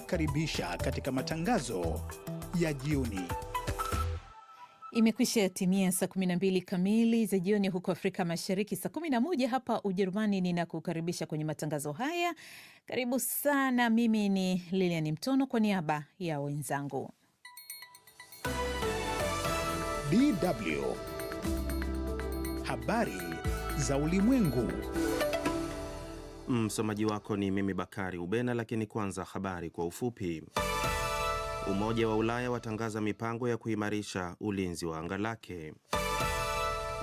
kuwakaribisha katika matangazo ya jioni. Imekwisha timia saa 12 kamili za jioni huko Afrika Mashariki, saa 11 hapa Ujerumani. Ninakukaribisha kwenye matangazo haya, karibu sana. Mimi ni Lilian Mtono kwa niaba ya wenzangu DW habari za ulimwengu. Msomaji wako ni mimi Bakari Ubena, lakini kwanza habari kwa ufupi. Umoja wa Ulaya watangaza mipango ya kuimarisha ulinzi wa anga lake.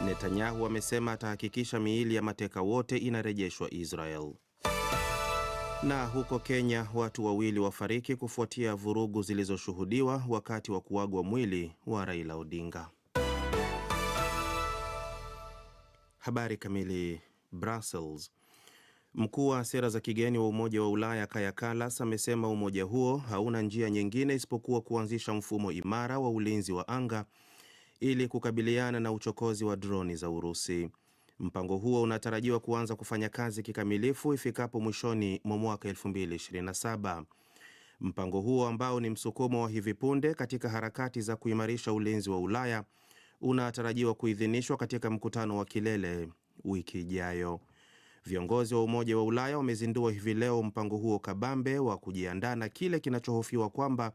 Netanyahu amesema atahakikisha miili ya mateka wote inarejeshwa Israel. Na huko Kenya watu wawili wafariki kufuatia vurugu zilizoshuhudiwa wakati wa kuagwa mwili wa Raila Odinga. Habari kamili. Brussels Mkuu wa sera za kigeni wa Umoja wa Ulaya Kaja Kallas amesema umoja huo hauna njia nyingine isipokuwa kuanzisha mfumo imara wa ulinzi wa anga ili kukabiliana na uchokozi wa droni za Urusi. Mpango huo unatarajiwa kuanza kufanya kazi kikamilifu ifikapo mwishoni mwa mwaka 2027. Mpango huo ambao ni msukumo wa hivi punde katika harakati za kuimarisha ulinzi wa Ulaya unatarajiwa kuidhinishwa katika mkutano wa kilele wiki ijayo. Viongozi wa Umoja wa Ulaya wamezindua hivi leo mpango huo kabambe wa kujiandaa na kile kinachohofiwa kwamba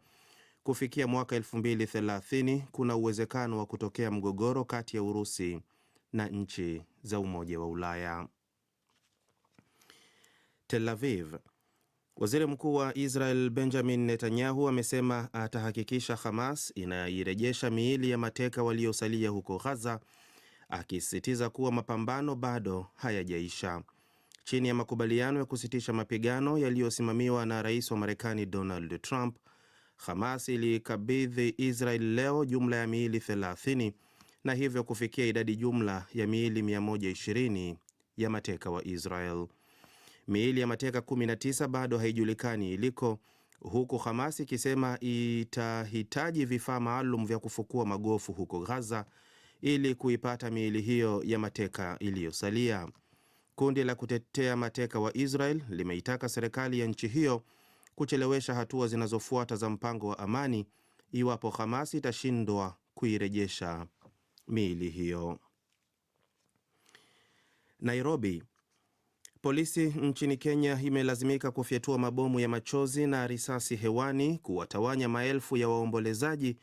kufikia mwaka 2030 kuna uwezekano wa kutokea mgogoro kati ya Urusi na nchi za Umoja wa Ulaya. Tel Aviv. Waziri Mkuu wa Israel Benjamin Netanyahu amesema atahakikisha Hamas inairejesha miili ya mateka waliosalia huko Gaza, akisisitiza kuwa mapambano bado hayajaisha chini ya makubaliano ya kusitisha mapigano yaliyosimamiwa na rais wa Marekani Donald Trump. Hamas ilikabidhi Israel leo jumla ya miili 30 na hivyo kufikia idadi jumla ya miili 120 ya mateka wa Israel. Miili ya mateka 19 bado haijulikani iliko, huku Hamas ikisema itahitaji vifaa maalum vya kufukua magofu huko Gaza ili kuipata miili hiyo ya mateka iliyosalia. Kundi la kutetea mateka wa Israel limeitaka serikali ya nchi hiyo kuchelewesha hatua zinazofuata za mpango wa amani iwapo Hamas itashindwa kuirejesha miili hiyo. Nairobi, polisi nchini Kenya imelazimika kufyatua mabomu ya machozi na risasi hewani kuwatawanya maelfu ya waombolezaji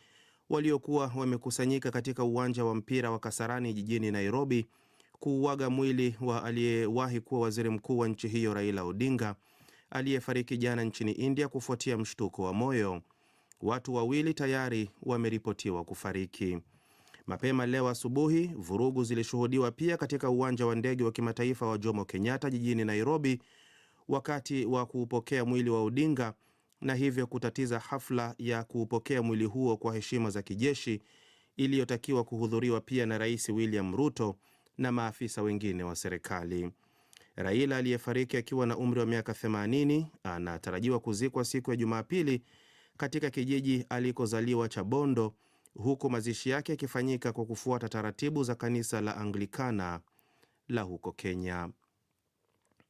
waliokuwa wamekusanyika katika uwanja wa mpira wa Kasarani jijini Nairobi kuuaga mwili wa aliyewahi kuwa waziri mkuu wa nchi hiyo Raila Odinga aliyefariki jana nchini India kufuatia mshtuko wa moyo. Watu wawili tayari wameripotiwa kufariki. Mapema leo asubuhi, vurugu zilishuhudiwa pia katika uwanja wa ndege wa kimataifa wa Jomo Kenyatta jijini Nairobi wakati wa kuupokea mwili wa Odinga na hivyo kutatiza hafla ya kuupokea mwili huo kwa heshima za kijeshi iliyotakiwa kuhudhuriwa pia na Rais William Ruto na maafisa wengine wa serikali. Raila aliyefariki akiwa na umri wa miaka 80 anatarajiwa kuzikwa siku ya Jumapili katika kijiji alikozaliwa cha Bondo, huku mazishi yake yakifanyika kwa kufuata taratibu za kanisa la Anglikana la huko Kenya.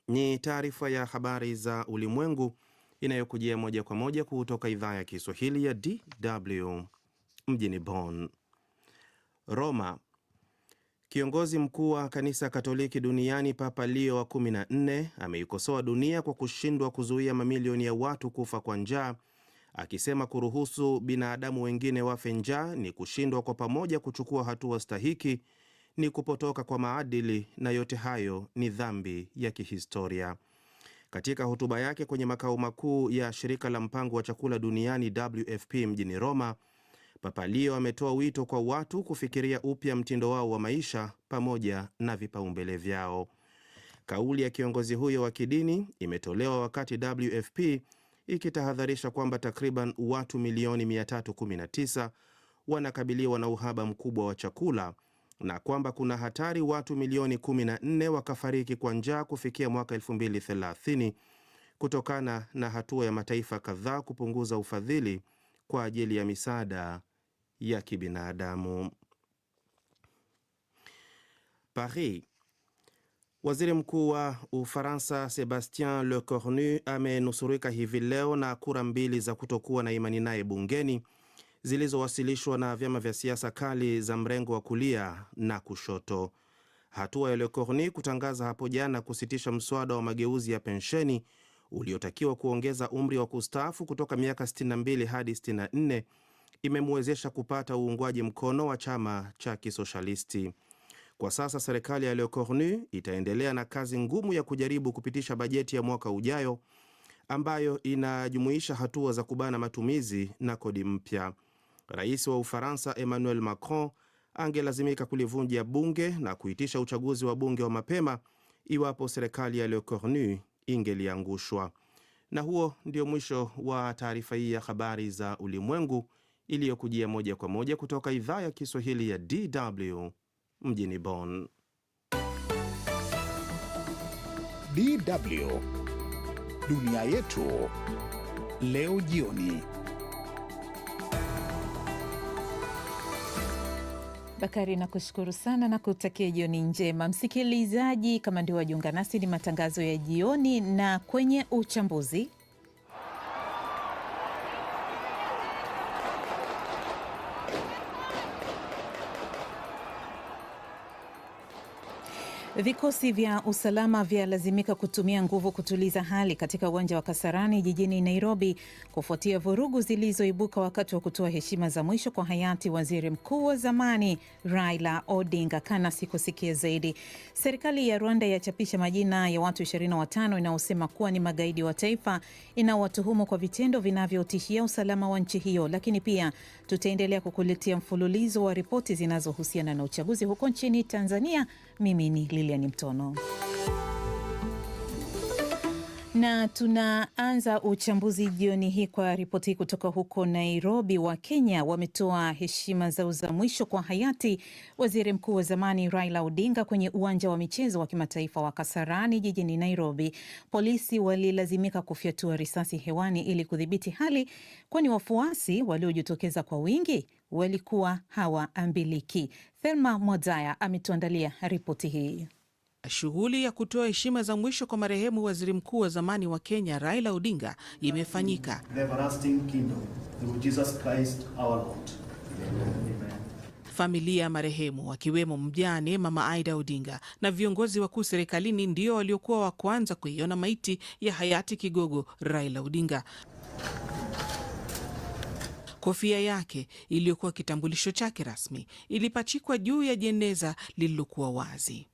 Ni taarifa ya habari za ulimwengu inayokujia moja kwa moja kutoka idhaa ya Kiswahili ya DW mjini Bonn. Roma Kiongozi mkuu wa kanisa Katoliki duniani Papa Leo wa 14 ameikosoa dunia kwa kushindwa kuzuia mamilioni ya watu kufa kwa njaa, akisema kuruhusu binadamu wengine wafe njaa ni kushindwa kwa pamoja kuchukua hatua stahiki, ni kupotoka kwa maadili, na yote hayo ni dhambi ya kihistoria. Katika hotuba yake kwenye makao makuu ya shirika la mpango wa chakula duniani WFP mjini Roma, Papa Leo ametoa wito kwa watu kufikiria upya mtindo wao wa maisha pamoja na vipaumbele vyao. Kauli ya kiongozi huyo wa kidini imetolewa wakati WFP ikitahadharisha kwamba takriban watu milioni 319 wanakabiliwa na uhaba mkubwa wa chakula na kwamba kuna hatari watu milioni 14 wakafariki kwa njaa kufikia mwaka 2030 kutokana na hatua ya mataifa kadhaa kupunguza ufadhili kwa ajili ya misaada ya kibinadamu. Paris. Waziri mkuu wa Ufaransa Sebastien Lecornu amenusurika hivi leo na kura mbili za kutokuwa na imani naye bungeni zilizowasilishwa na vyama vya siasa kali za mrengo wa kulia na kushoto. Hatua ya Lecornu kutangaza hapo jana kusitisha mswada wa mageuzi ya pensheni uliotakiwa kuongeza umri wa kustaafu kutoka miaka 62 hadi 64 imemwezesha kupata uungwaji mkono wa chama cha kisoshalisti. Kwa sasa serikali ya Leocornu itaendelea na kazi ngumu ya kujaribu kupitisha bajeti ya mwaka ujayo ambayo inajumuisha hatua za kubana matumizi na kodi mpya. Rais wa Ufaransa Emmanuel Macron angelazimika kulivunja bunge na kuitisha uchaguzi wa bunge wa mapema iwapo serikali ya Leocornu ingeliangushwa. Na huo ndio mwisho wa taarifa hii ya habari za ulimwengu iliyokujia moja kwa moja kutoka idhaa ya Kiswahili ya DW mjini Bonn. DW dunia yetu leo jioni. Bakari nakushukuru sana na kutakia jioni njema, msikilizaji. Kama ndio wajiunga nasi, ni matangazo ya jioni, na kwenye uchambuzi Vikosi vya usalama vyalazimika kutumia nguvu kutuliza hali katika uwanja wa Kasarani jijini Nairobi kufuatia vurugu zilizoibuka wakati wa kutoa heshima za mwisho kwa hayati waziri mkuu wa zamani Raila Odinga. Kana sikusikia zaidi. Serikali ya Rwanda yachapisha majina ya watu 25 inaosema kuwa ni magaidi wa taifa, inaowatuhumu kwa vitendo vinavyotishia usalama wa nchi hiyo, lakini pia Tutaendelea kukuletea mfululizo wa ripoti zinazohusiana na uchaguzi huko nchini Tanzania. Mimi ni Lilian Mtono. Na tunaanza uchambuzi jioni hii kwa ripoti kutoka huko Nairobi. Wakenya wametoa heshima zao za mwisho kwa hayati waziri mkuu wa zamani Raila Odinga kwenye uwanja wa michezo wa kimataifa wa Kasarani jijini Nairobi. Polisi walilazimika kufyatua risasi hewani ili kudhibiti hali, kwani wafuasi waliojitokeza kwa wingi walikuwa hawaambiliki. Thelma Mwadzaya ametuandalia ripoti hii. Shughuli ya kutoa heshima za mwisho kwa marehemu waziri mkuu wa zamani wa Kenya Raila Odinga imefanyika. Familia ya marehemu wakiwemo mjane Mama Aida Odinga na viongozi wakuu serikalini ndio waliokuwa wa kwanza kuiona maiti ya hayati kigogo Raila Odinga. Kofia yake iliyokuwa kitambulisho chake rasmi ilipachikwa juu ya jeneza lililokuwa wazi.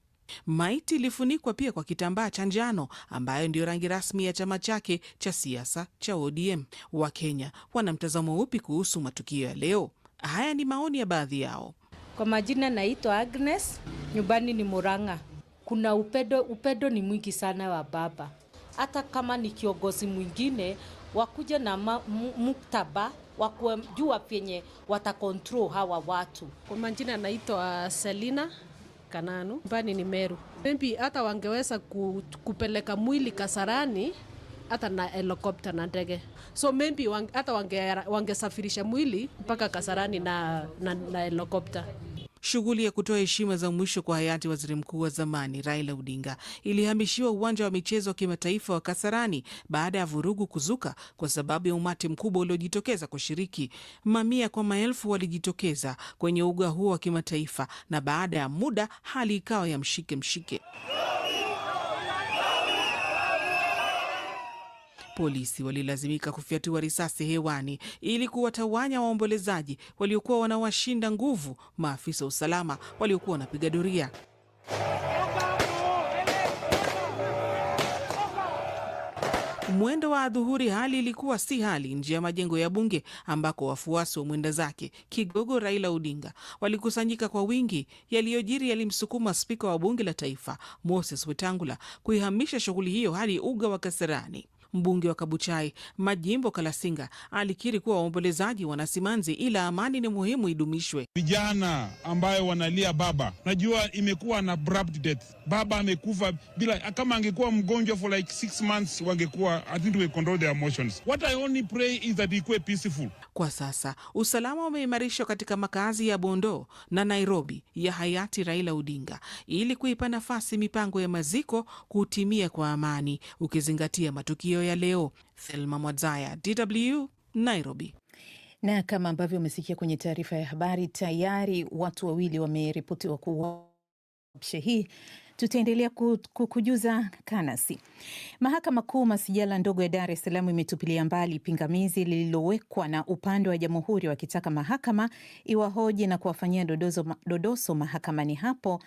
Maiti ilifunikwa pia kwa kitambaa cha njano ambayo ndiyo rangi rasmi ya chama chake cha siasa cha ODM. Wakenya wana mtazamo upi kuhusu matukio ya leo? Haya ni maoni ya baadhi yao. Kwa majina naitwa Agnes, nyumbani ni Murang'a. Kuna upendo, upendo ni mwingi sana wa baba. Hata kama ni kiongozi mwingine wakuja na muktaba wa kujua penye watakontrol hawa watu. Kwa majina naitwa Selina Kananu, mbani ni Meru. Maybe hata wangeweza ku, kupeleka mwili Kasarani hata na helikopta na ndege, so maybe hata wange, wangesafirisha mwili mpaka Kasarani na, na, na helikopta. Shughuli ya kutoa heshima za mwisho kwa hayati waziri mkuu wa zamani Raila Odinga ilihamishiwa uwanja wa michezo wa kimataifa wa Kasarani baada ya vurugu kuzuka kwa sababu ya umati mkubwa uliojitokeza kushiriki. Mamia kwa maelfu walijitokeza kwenye uga huo wa kimataifa, na baada ya muda hali ikawa ya mshike mshike. polisi walilazimika kufyatua risasi hewani ili kuwatawanya waombolezaji waliokuwa wanawashinda nguvu maafisa wa usalama waliokuwa wanapiga doria. Mwendo wa adhuhuri, hali ilikuwa si hali nje ya majengo ya bunge ambako wafuasi wa mwenda zake kigogo Raila Odinga walikusanyika kwa wingi. Yaliyojiri yalimsukuma spika wa bunge la taifa Moses Wetangula kuihamisha shughuli hiyo hadi uga wa Kasarani. Mbunge wa Kabuchai Majimbo Kalasinga alikiri kuwa waombolezaji wanasimanzi ila amani ni muhimu idumishwe. Vijana ambayo wanalia baba, najua imekuwa na abrupt death. Baba amekufa bila, kama angekuwa mgonjwa for like six months wangekuwa I think we control their emotions. What I only pray is that ikuwe peaceful. Kwa sasa usalama umeimarishwa katika makazi ya Bondo na Nairobi ya hayati Raila Odinga ili kuipa nafasi mipango ya maziko kutimia kwa amani ukizingatia matukio ya leo. Thelma Mwadzaya, DW, Nairobi. Na kama ambavyo umesikia kwenye taarifa ya habari, tayari watu wawili wameripotiwa kuwa hii Tutaendelea kukujuza kanasi. Mahakama Kuu masijala ndogo ya Dar es Salaam imetupilia mbali pingamizi lililowekwa na upande wa jamhuri wakitaka mahakama iwahoji na kuwafanyia dodoso, dodoso mahakamani hapo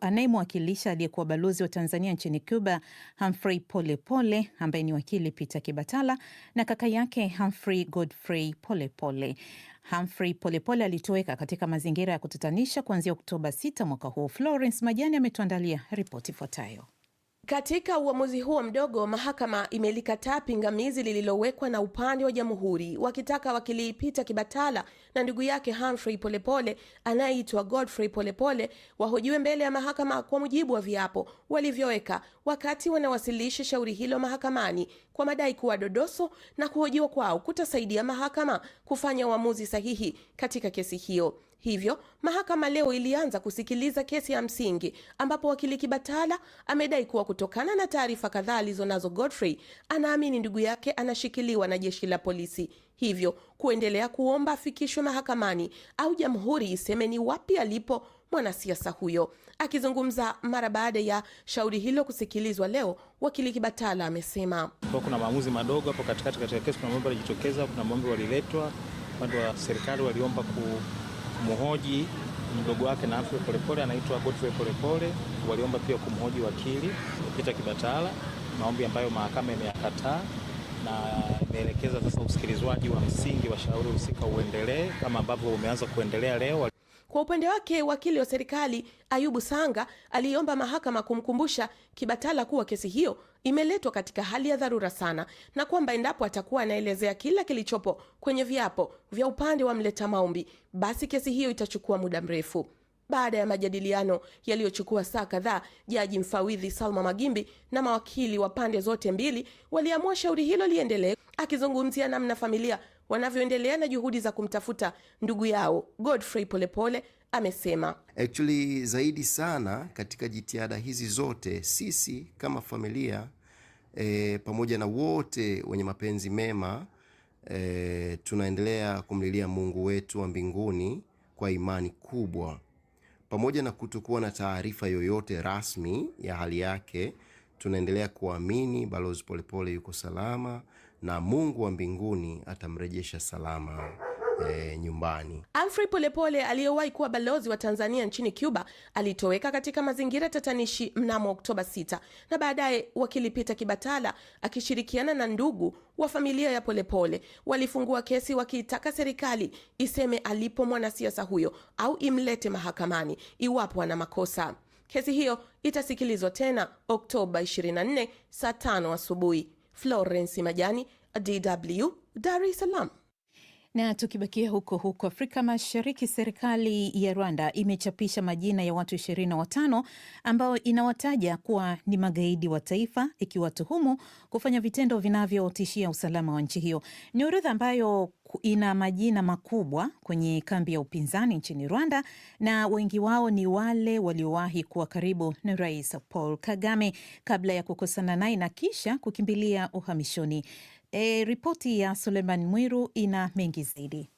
anayemwakilisha aliyekuwa balozi wa Tanzania nchini Cuba Humphrey Polepole ambaye ni wakili Peter Kibatala na kaka yake Humphrey Godfrey Polepole. Humphrey Polepole alitoweka katika mazingira ya kutatanisha kuanzia Oktoba 6 mwaka huu. Florence Majani ametuandalia ripoti ifuatayo. Katika uamuzi huo mdogo, mahakama imelikataa pingamizi lililowekwa na upande wa jamhuri wakitaka wakili Peter Kibatala na ndugu yake Humphrey Polepole anayeitwa Godfrey Polepole wahojiwe mbele ya mahakama kwa mujibu wa viapo walivyoweka wakati wanawasilisha shauri hilo mahakamani kwa madai kuwa dodoso na kuhojiwa kwao kutasaidia mahakama kufanya uamuzi sahihi katika kesi hiyo. Hivyo mahakama leo ilianza kusikiliza kesi ya msingi ambapo wakili Kibatala amedai kuwa kutokana na taarifa kadhaa alizonazo Godfrey anaamini ndugu yake anashikiliwa na jeshi la polisi, hivyo kuendelea kuomba afikishwe mahakamani au jamhuri iseme ni wapi alipo mwanasiasa huyo. Akizungumza mara baada ya shauri hilo kusikilizwa leo, wakili Kibatala amesema kwa kuna maamuzi madogo hapo katikati katika kesi, kuna mambo yalijitokeza, kuna mambo waliletwa upande wa serikali waliomba ku kumhoji mdogo wake na afya Polepole anaitwa Godfrey Polepole. Waliomba pia kumhoji wakili Peter Kibatala, maombi ambayo mahakama imeyakataa na imeelekeza sasa usikilizwaji wa msingi wa shauri husika uendelee kama ambavyo umeanza kuendelea leo. Kwa upande wake wakili wa serikali Ayubu Sanga aliomba mahakama kumkumbusha Kibatala kuwa kesi hiyo imeletwa katika hali ya dharura sana na kwamba endapo atakuwa anaelezea kila kilichopo kwenye viapo vya upande wa mleta maombi, basi kesi hiyo itachukua muda mrefu. Baada ya majadiliano yaliyochukua saa kadhaa, jaji mfawidhi Salma Magimbi na mawakili wa pande zote mbili waliamua shauri hilo liendelee. Akizungumzia namna familia wanavyoendelea na juhudi za kumtafuta ndugu yao Godfrey Polepole pole, amesema actually zaidi sana katika jitihada hizi zote sisi kama familia e, pamoja na wote wenye mapenzi mema e, tunaendelea kumlilia Mungu wetu wa mbinguni kwa imani kubwa pamoja na kutokuwa na taarifa yoyote rasmi ya hali yake, tunaendelea kuamini balozi Polepole yuko salama na Mungu wa mbinguni atamrejesha salama E, nyumbani. Humphrey Polepole aliyewahi kuwa balozi wa Tanzania nchini Cuba alitoweka katika mazingira tatanishi mnamo Oktoba 6 na baadaye wakili Peter Kibatala akishirikiana na ndugu wa familia ya Polepole walifungua kesi wakiitaka serikali iseme alipo mwanasiasa huyo au imlete mahakamani iwapo ana makosa. Kesi hiyo itasikilizwa tena Oktoba 24 saa 5 asubuhi. Florence Majani, DW, Dar es Salaam. Na tukibakia huko huko Afrika Mashariki, serikali ya Rwanda imechapisha majina ya watu 25 ambao inawataja kuwa ni magaidi wa taifa, ikiwatuhumu kufanya vitendo vinavyotishia usalama wa nchi hiyo. Ni orodha ambayo ina majina makubwa kwenye kambi ya upinzani nchini Rwanda, na wengi wao ni wale waliowahi kuwa karibu na Rais Paul Kagame kabla ya kukosana naye na kisha kukimbilia uhamishoni. E, ripoti ya Suleiman Mwiru ina mengi zaidi.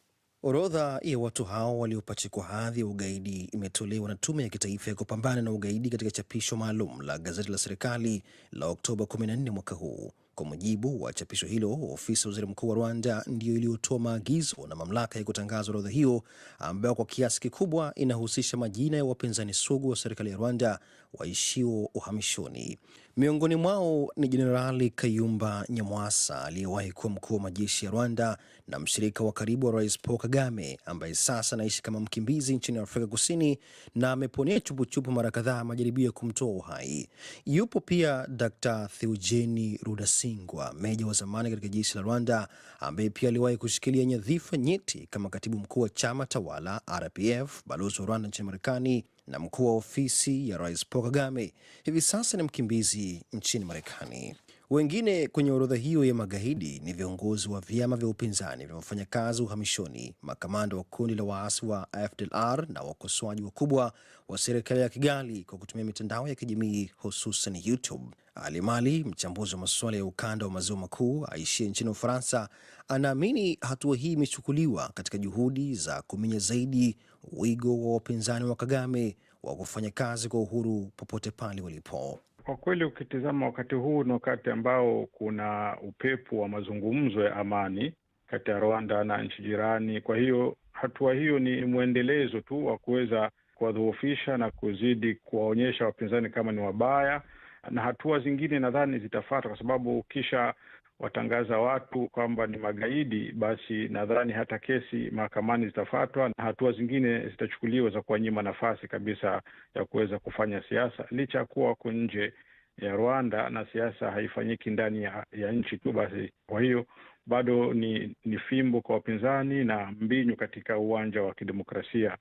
Orodha ya watu hao waliopachikwa hadhi ya ugaidi imetolewa na Tume ya Kitaifa ya Kupambana na Ugaidi katika chapisho maalum la gazeti la serikali la Oktoba 14 mwaka huu. Kwa mujibu wa chapisho hilo, ofisi ya waziri mkuu wa Rwanda ndiyo iliyotoa maagizo na mamlaka ya kutangaza orodha hiyo ambayo kwa kiasi kikubwa inahusisha majina ya wapinzani sugu wa serikali ya Rwanda waishio uhamishoni. Miongoni mwao ni Jenerali Kayumba Nyamwasa aliyewahi kuwa mkuu wa majeshi ya Rwanda na mshirika wa karibu wa Rais Paul Kagame ambaye sasa anaishi kama mkimbizi nchini Afrika Kusini na ameponea chupuchupu mara kadhaa majaribio ya kumtoa uhai. Yupo pia Dr. Theogene Rudasingwa, meja wa zamani katika jeshi la Rwanda ambaye pia aliwahi kushikilia nyadhifa nyeti kama katibu mkuu wa chama tawala RPF, balozi wa Rwanda nchini Marekani na mkuu wa ofisi ya Rais Paul Kagame hivi sasa ni mkimbizi nchini Marekani. Wengine kwenye orodha hiyo ya magaidi ni viongozi wa vyama vya upinzani vya wafanyakazi uhamishoni, makamanda wa kundi la waasi wa FDLR na wakosoaji wakubwa wa serikali ya Kigali kwa kutumia mitandao ya kijamii hususan YouTube. Ali Mali, mchambuzi wa masuala ya ukanda wa maziwa makuu aishie nchini Ufaransa, anaamini hatua hii imechukuliwa katika juhudi za kuminya zaidi wigo wa wapinzani wa Kagame wa kufanya kazi kwa uhuru popote pale walipo. Kwa kweli ukitizama wakati huu ni wakati ambao kuna upepo wa mazungumzo ya amani kati ya Rwanda na nchi jirani. Kwa hiyo hatua hiyo ni mwendelezo tu wa kuweza kuwadhoofisha na kuzidi kuwaonyesha wapinzani kama ni wabaya, na hatua zingine nadhani zitafata kwa sababu ukisha watangaza watu kwamba ni magaidi, basi nadhani hata kesi mahakamani zitafatwa na hatua zingine zitachukuliwa za kuwanyima nafasi kabisa ya kuweza kufanya siasa, licha ya kuwa wako nje ya Rwanda na siasa haifanyiki ndani ya, ya nchi tu. Basi kwa hiyo bado ni, ni fimbo kwa wapinzani na mbinyu katika uwanja wa kidemokrasia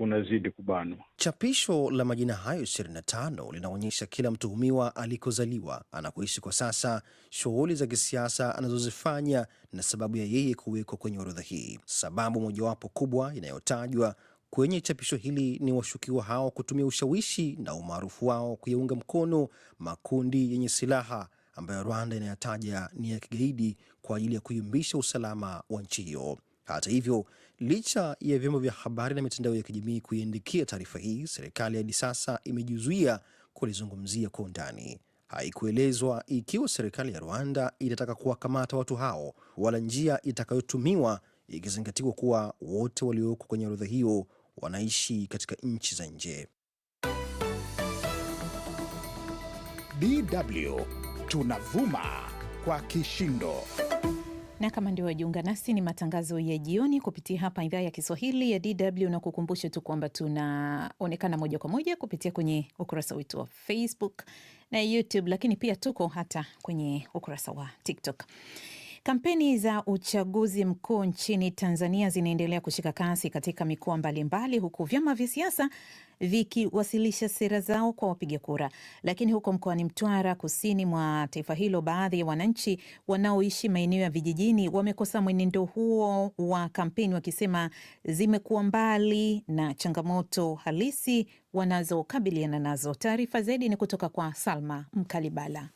kunazidi kubanwa. Chapisho la majina hayo 25 linaonyesha kila mtuhumiwa alikozaliwa, anakoishi kwa sasa, shughuli za kisiasa anazozifanya na sababu ya yeye kuwekwa kwenye orodha hii. Sababu mojawapo kubwa inayotajwa kwenye chapisho hili ni washukiwa hao kutumia ushawishi na umaarufu wao kuyaunga mkono makundi yenye silaha ambayo Rwanda inayataja ni ya kigaidi kwa ajili ya kuyumbisha usalama wa nchi hiyo. Hata hivyo, Licha ya vyombo vya habari na mitandao ya kijamii kuiandikia taarifa hii, serikali hadi sasa imejizuia kulizungumzia kwa undani. Haikuelezwa ikiwa serikali ya Rwanda itataka kuwakamata watu hao wala njia itakayotumiwa, ikizingatiwa kuwa wote walioko kwenye orodha hiyo wanaishi katika nchi za nje. DW tunavuma kwa kishindo na kama ndio wajiunga nasi, ni matangazo ya jioni kupitia hapa idhaa ya Kiswahili ya DW, na kukumbusha tu kwamba tunaonekana moja kwa moja kupitia kwenye ukurasa wetu wa Facebook na YouTube, lakini pia tuko hata kwenye ukurasa wa TikTok. Kampeni za uchaguzi mkuu nchini Tanzania zinaendelea kushika kasi katika mikoa mbalimbali, huku vyama vya siasa vikiwasilisha sera zao kwa wapiga kura. Lakini huko mkoani Mtwara, kusini mwa taifa hilo, baadhi ya wananchi wanaoishi maeneo ya vijijini wamekosa mwenendo huo wa kampeni, wakisema zimekuwa mbali na changamoto halisi wanazokabiliana nazo. Taarifa zaidi ni kutoka kwa Salma Mkalibala.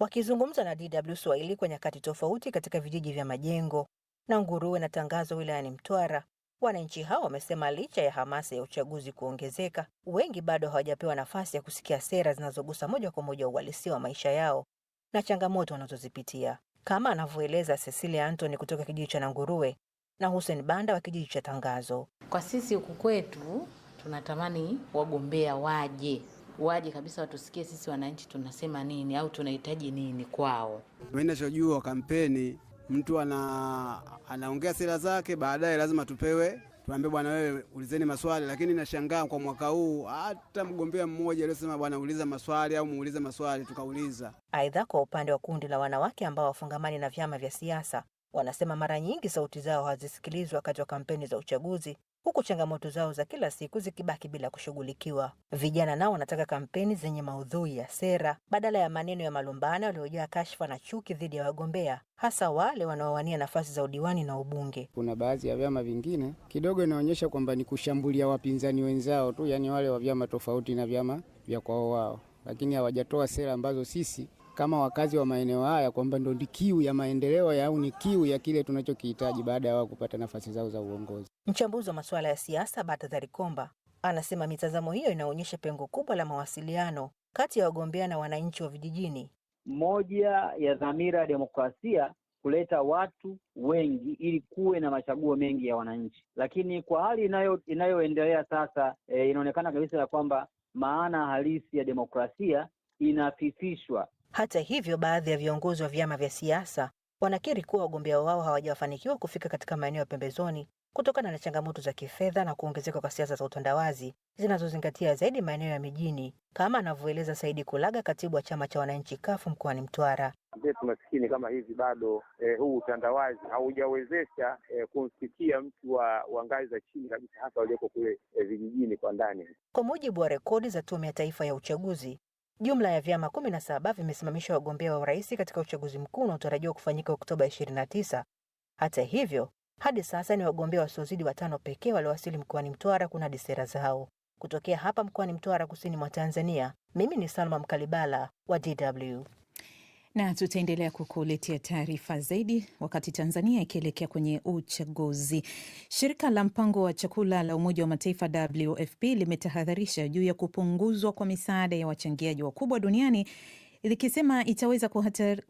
Wakizungumza na DW Swahili kwa nyakati tofauti katika vijiji vya Majengo na Nguruwe na Tangazo wilayani Mtwara, wananchi hao wamesema licha ya hamasa ya uchaguzi kuongezeka, wengi bado hawajapewa nafasi ya kusikia sera zinazogusa moja kwa moja uhalisia wa maisha yao na changamoto wanazozipitia, kama anavyoeleza Cecilia Anthony kutoka kijiji cha Nanguruwe na Hussein Banda wa kijiji cha Tangazo. Kwa sisi huku kwetu tunatamani wagombea waje waje kabisa watusikie sisi wananchi tunasema nini au tunahitaji nini kwao. Mimi ninachojua kampeni, mtu ana anaongea sera zake, baadaye lazima tupewe tuambie, bwana wewe ulizeni maswali. Lakini nashangaa kwa mwaka huu hata mgombea mmoja aliyosema bwana uliza maswali au muulize maswali, tukauliza. Aidha, kwa upande wa kundi la wanawake ambao wafungamani na vyama vya siasa wanasema mara nyingi sauti zao hazisikilizwa wakati wa kampeni za uchaguzi, huku changamoto zao za kila siku zikibaki bila kushughulikiwa. Vijana nao wanataka kampeni zenye maudhui ya sera badala ya maneno ya malumbano yaliyojaa kashfa na chuki dhidi ya wagombea, hasa wale wanaowania nafasi za udiwani na ubunge. Kuna baadhi ya vyama vingine kidogo inaonyesha kwamba ni kushambulia wapinzani wenzao tu, yaani wale wa vyama tofauti na vyama vya kwao wao, lakini hawajatoa sera ambazo sisi kama wakazi wa maeneo haya kwamba ndio kiu ya maendeleo au ni kiu ya kile tunachokihitaji baada ya wao kupata nafasi zao za uongozi. Mchambuzi wa masuala ya siasa Batadhari Komba anasema mitazamo hiyo inaonyesha pengo kubwa la mawasiliano kati ya wagombea na wananchi wa vijijini. Moja ya dhamira ya demokrasia kuleta watu wengi ili kuwe na machaguo mengi ya wananchi, lakini kwa hali inayo inayoendelea sasa e, inaonekana kabisa ya kwamba maana halisi ya demokrasia inafifishwa hata hivyo, baadhi ya viongozi wa vyama vya siasa wanakiri kuwa wagombea wao hawajafanikiwa kufika katika maeneo ya pembezoni kutokana na changamoto za kifedha na kuongezeka kwa siasa za utandawazi zinazozingatia zaidi maeneo ya mijini, kama anavyoeleza Saidi Kulaga, katibu wa chama cha wananchi kafu mkoani Mtwara. Vyetu masikini kama hivi bado eh, huu utandawazi haujawezesha eh, kumfikia mtu wa, wa ngazi za chini kabisa, hasa walioko kule eh, vijijini kwa ndani. Kwa mujibu wa rekodi za Tume ya Taifa ya Uchaguzi, Jumla ya vyama 17 vimesimamisha wagombea wa urais katika uchaguzi mkuu unaotarajiwa kufanyika Oktoba 29. Hata hivyo, hadi sasa ni wagombea wasiozidi watano pekee waliowasili mkoani Mtwara kunadi sera zao. Kutokea hapa mkoani Mtwara, kusini mwa Tanzania, mimi ni Salma Mkalibala wa DW na tutaendelea kukuletea taarifa zaidi wakati Tanzania ikielekea kwenye uchaguzi. Shirika la mpango wa chakula la Umoja wa Mataifa WFP limetahadharisha juu ya kupunguzwa kwa misaada ya wachangiaji wakubwa duniani ikisema itaweza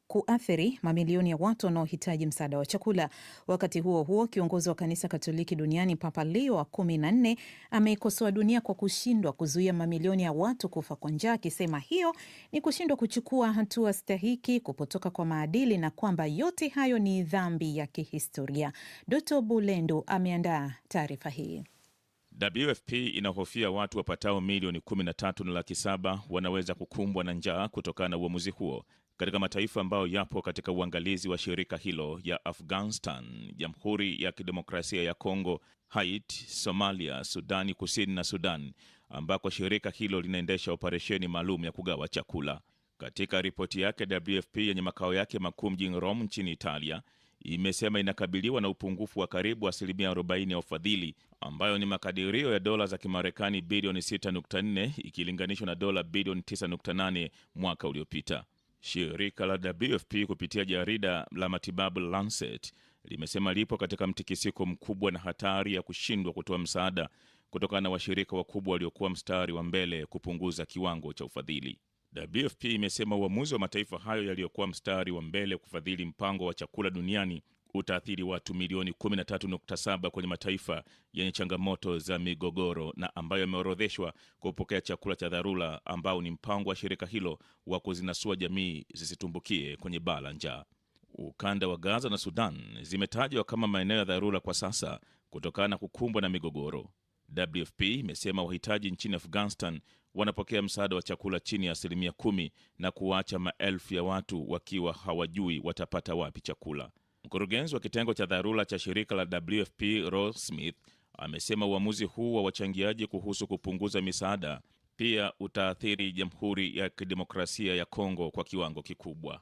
kuathiri mamilioni ya watu wanaohitaji msaada wa chakula. Wakati huo huo, kiongozi wa kanisa Katoliki duniani Papa Leo wa kumi na nne ameikosoa dunia kwa kushindwa kuzuia mamilioni ya watu kufa kwa njaa, akisema hiyo ni kushindwa kuchukua hatua stahiki, kupotoka kwa maadili na kwamba yote hayo ni dhambi ya kihistoria. Doto Bulendo ameandaa taarifa hii. WFP inahofia watu wapatao milioni 13 na laki saba wanaweza kukumbwa na njaa kutokana na uamuzi huo katika mataifa ambayo yapo katika uangalizi wa shirika hilo ya Afghanistan, Jamhuri ya Kidemokrasia ya Kongo, Haiti, Somalia, Sudani Kusini na Sudan, ambako shirika hilo linaendesha operesheni maalum ya kugawa chakula. Katika ripoti yake, WFP yenye makao yake makuu mjini Rome nchini Italia imesema inakabiliwa na upungufu wa karibu asilimia 40 ya ufadhili ambayo ni makadirio ya dola za Kimarekani bilioni 6.4 ikilinganishwa na dola bilioni 9.8 mwaka uliopita. Shirika la WFP kupitia jarida la matibabu Lancet limesema lipo katika mtikisiko mkubwa na hatari ya kushindwa kutoa msaada kutokana na washirika wakubwa waliokuwa mstari wa mbele kupunguza kiwango cha ufadhili. WFP imesema uamuzi wa mataifa hayo yaliyokuwa mstari wa mbele kufadhili mpango wa chakula duniani utaathiri watu milioni 13.7 kwenye mataifa yenye changamoto za migogoro na ambayo yameorodheshwa kupokea chakula cha dharura ambao ni mpango wa shirika hilo wa kuzinasua jamii zisitumbukie kwenye baa la njaa. Ukanda wa Gaza na Sudan zimetajwa kama maeneo ya dharura kwa sasa kutokana na kukumbwa na migogoro. WFP imesema wahitaji nchini Afghanistan wanapokea msaada wa chakula chini ya asilimia kumi na kuwaacha maelfu ya watu wakiwa hawajui watapata wapi chakula. Mkurugenzi wa kitengo cha dharura cha shirika la WFP ro Smith amesema uamuzi huu wa wachangiaji kuhusu kupunguza misaada pia utaathiri Jamhuri ya Kidemokrasia ya Kongo kwa kiwango kikubwa.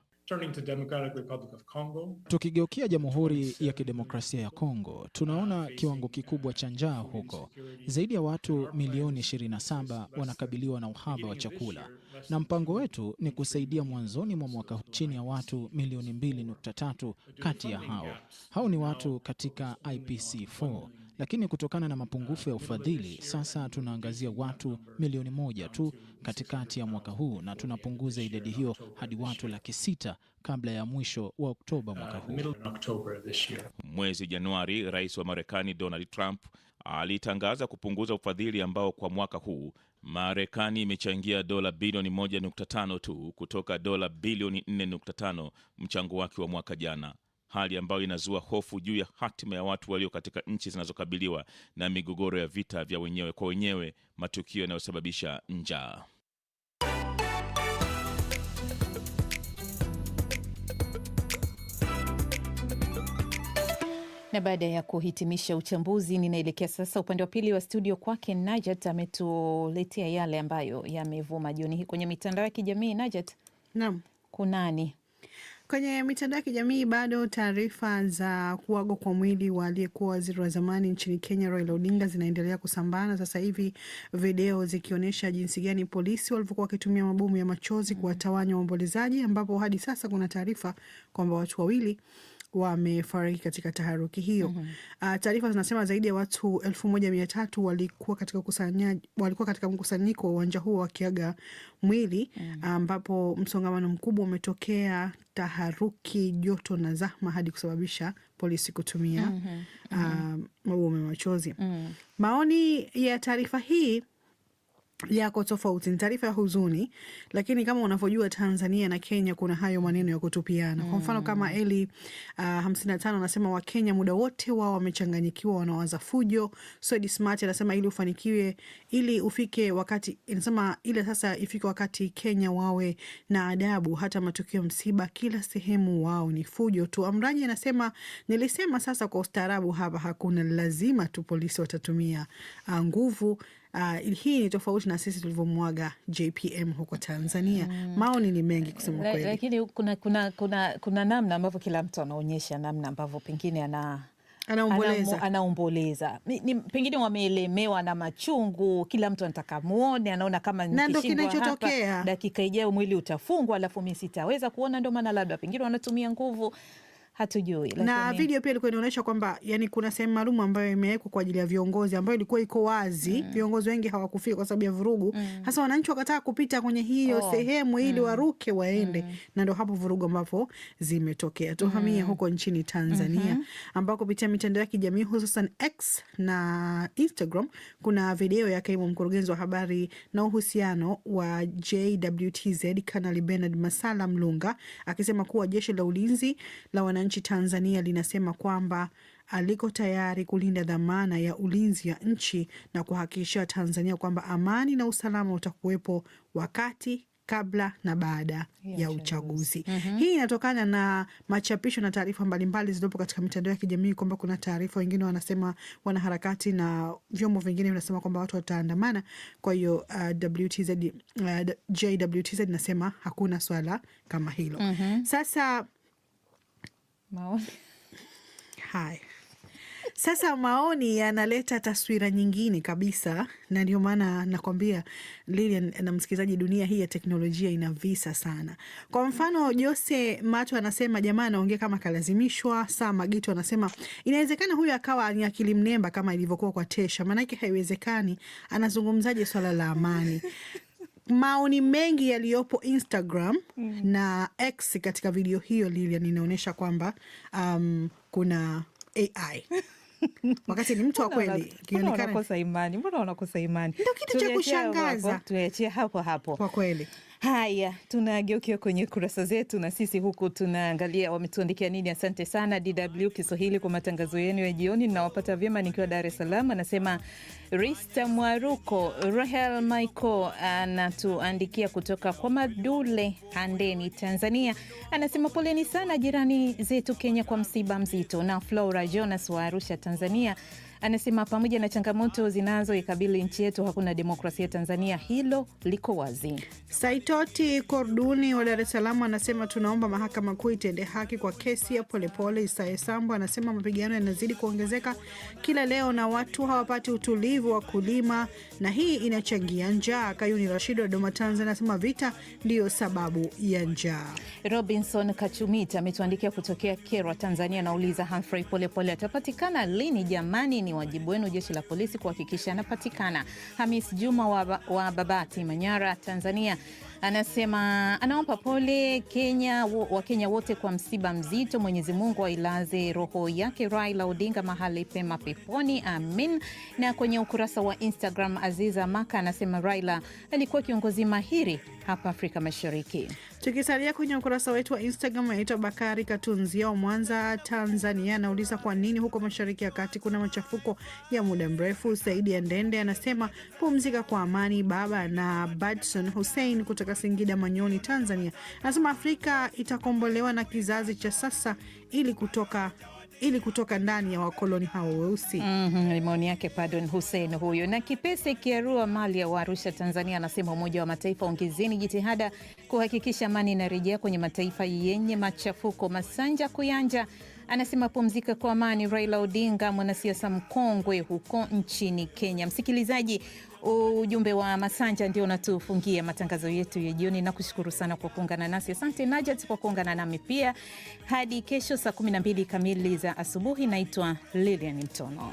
Tukigeukia Jamhuri ya Kidemokrasia ya Kongo, tunaona kiwango uh, kikubwa cha njaa huko. Zaidi ya watu milioni 27 wanakabiliwa na uhaba wa chakula, na mpango wetu ni kusaidia mwanzoni mwa mwaka chini ya watu milioni 2.3. Kati ya hao hao ni watu katika IPC4 uh, lakini kutokana na mapungufu ya ufadhili sasa tunaangazia watu milioni moja tu katikati ya mwaka huu na tunapunguza idadi hiyo hadi watu laki sita kabla ya mwisho wa Oktoba mwaka huu. Mwezi Januari, rais wa Marekani Donald Trump alitangaza kupunguza ufadhili ambao kwa mwaka huu Marekani imechangia dola bilioni 1.5 tu kutoka dola bilioni 4.5 mchango wake wa mwaka jana hali ambayo inazua hofu juu ya hatima ya watu walio katika nchi zinazokabiliwa na migogoro ya vita vya wenyewe kwa wenyewe, matukio yanayosababisha njaa. na baada ya kuhitimisha uchambuzi, ninaelekea sasa upande wa pili wa studio kwake Najat. Ametuletea yale ambayo yamevuma jioni hii kwenye mitandao ya kijamii. Najat, naam, kunani Kwenye mitandao ya kijamii bado taarifa za kuagwa kwa mwili wa aliyekuwa waziri wa zamani nchini Kenya Raila Odinga zinaendelea kusambana, sasa hivi video zikionyesha jinsi gani polisi walivyokuwa wakitumia mabomu ya machozi kuwatawanya waombolezaji, ambapo hadi sasa kuna taarifa kwamba watu wawili wamefariki katika taharuki hiyo. mm -hmm. Uh, taarifa zinasema zaidi ya watu elfu moja mia tatu walikuwa katika walikuwa katika mkusanyiko wa uwanja huo wakiaga mwili mm. ambapo mm -hmm. uh, msongamano mkubwa umetokea, taharuki, joto na zahma hadi kusababisha polisi kutumia mm -hmm. uh, ah, mabomu ya machozi. mm -hmm. Maoni ya taarifa hii yako tofauti. Ni taarifa ya huzuni, lakini kama unavyojua Tanzania na Kenya kuna hayo maneno ya kutupiana. Kwa mfano kama mm. Eli uh, ah, 55 anasema Wakenya muda wote wao wamechanganyikiwa, wanawaza fujo. Swedi Smart anasema ili ufanikiwe, ili ufike wakati, anasema ile sasa ifike wakati Kenya wawe na adabu, hata matukio msiba kila sehemu wao ni fujo tu. Amraji anasema nilisema sasa kwa ustaarabu hapa hakuna lazima tu polisi watatumia ah, nguvu uh, hii ni tofauti na sisi tulivyomwaga JPM huko Tanzania. Mm. Maoni ni mengi kusema kweli, lakini kuna, kuna, kuna, kuna namna ambavyo kila mtu anaonyesha namna ambavyo pengine ana anaomboleza anaomboleza, pengine wameelemewa na machungu, kila mtu anataka muone, anaona kama nikishindwa kinachotokea, dakika ijayo mwili utafungwa, alafu mi sitaweza kuona, ndo maana labda pengine wanatumia nguvu hatujui lakini... na video pia ilikuwa inaonyesha kwamba yani kuna sehemu maalum ambayo imewekwa kwa ajili ya viongozi ambayo ilikuwa iko wazi mm. Viongozi wengi hawakufika kwa sababu ya vurugu mm. Hasa wananchi wakataka kupita kwenye hiyo oh. sehemu ili mm. waruke waende mm. na ndo hapo vurugu ambapo zimetokea. tuhamie mm. huko nchini Tanzania mm -hmm. ambao kupitia mitandao ya kijamii hususan X na Instagram kuna video ya kaimu mkurugenzi wa habari na uhusiano wa JWTZ Kanali Bernard Masala Mlunga akisema kuwa jeshi la ulinzi la wananchi nchi Tanzania linasema kwamba aliko tayari kulinda dhamana ya ulinzi ya nchi na kuhakikishia Tanzania kwamba amani na usalama utakuwepo wakati kabla na baada ya uchaguzi. mm -hmm. Hii inatokana na machapisho na taarifa mbalimbali zilizopo katika mitandao ya kijamii kwamba kuna taarifa, wengine wanasema wanaharakati na vyombo vingine vinasema kwamba watu wataandamana. Kwa hiyo uh, WTZ, uh, JWTZ inasema hakuna swala kama hilo. mm -hmm. Sasa maoni haya. Sasa maoni yanaleta taswira nyingine kabisa, na ndio maana nakwambia Lilian na msikilizaji, dunia hii ya teknolojia ina visa sana. Kwa mfano, Jose Mato anasema jamaa anaongea kama kalazimishwa. Saa Magito anasema inawezekana huyu akawa ni akili mnemba kama ilivyokuwa kwa Tesha, maanake haiwezekani, anazungumzaje swala la amani? maoni mengi yaliyopo Instagram mm. na X katika video hiyo Lilian inaonyesha kwamba um, kuna AI wakati ni mtu wa kweli kionekana. imani, mbona wanakosa imani? Ndio kitu cha kushangaza. Tuachie hapo hapo kwa kweli. Haya, tunageukia kwenye kurasa zetu na sisi huku tunaangalia wametuandikia nini. Asante sana DW Kiswahili kwa matangazo yenu ya jioni, nawapata vyema nikiwa Dar es Salaam. Anasema Rista Mwaruko. Rahel Michael anatuandikia kutoka kwa Madule, Handeni, Tanzania, anasema poleni sana jirani zetu Kenya kwa msiba mzito, na Flora Jonas wa Arusha, Tanzania anasema pamoja na changamoto zinazoikabili nchi yetu hakuna demokrasia Tanzania, hilo liko wazi. Saitoti Korduni wa Dar es Salaam anasema tunaomba mahakama kuu itende haki kwa kesi ya Polepole. Isae Sambo anasema mapigano yanazidi kuongezeka kila leo na watu hawapati utulivu wa kulima na hii inachangia njaa. Kayuni Rashid wa Dodoma, Tanzania anasema vita ndiyo sababu ya njaa. Robinson Kachumita ametuandikia kutokea Kerwa, Tanzania, anauliza Humphrey Polepole atapatikana lini jamani? ni wajibu wenu jeshi la polisi kuhakikisha anapatikana. Hamis Juma wa, wa Babati Manyara, Tanzania anasema anawapa pole Kenya, Wakenya wote kwa msiba mzito. Mwenyezi Mungu ailaze roho yake Raila Odinga mahali pema peponi, amin. Na kwenye ukurasa wa Instagram, Aziza Maka anasema Raila alikuwa kiongozi mahiri hapa Afrika Mashariki. Tukisalia kwenye ukurasa wetu wa Instagram, anaitwa Bakari wa Mwanza, Tanzania, anauliza kwa nini huko Mashariki ya Kati kuna machafuko ya muda mrefu. Saidi ya Ndende anasema pumzika kwa amani baba, na Badson Hussein kutoka kutoka Singida Manyoni, Tanzania, anasema Afrika itakombolewa na kizazi cha sasa ili kutoka ili kutoka ndani ya wakoloni hao weusi. mm -hmm, maoni yake padon Hussein huyo. Na Kipese Kiarua Mali ya Arusha, Tanzania, anasema Umoja wa Mataifa ongezeni jitihada kuhakikisha amani inarejea kwenye mataifa yenye machafuko. Masanja Kuyanja anasema pumzika kwa amani, Raila Odinga, mwanasiasa mkongwe huko nchini Kenya. Msikilizaji, ujumbe wa Masanja ndio unatufungia matangazo yetu ya jioni. Nakushukuru sana kwa kuungana nasi. Asante Najat kwa kuungana nami pia. Hadi kesho saa 12 kamili za asubuhi. Naitwa Lilian Mtono.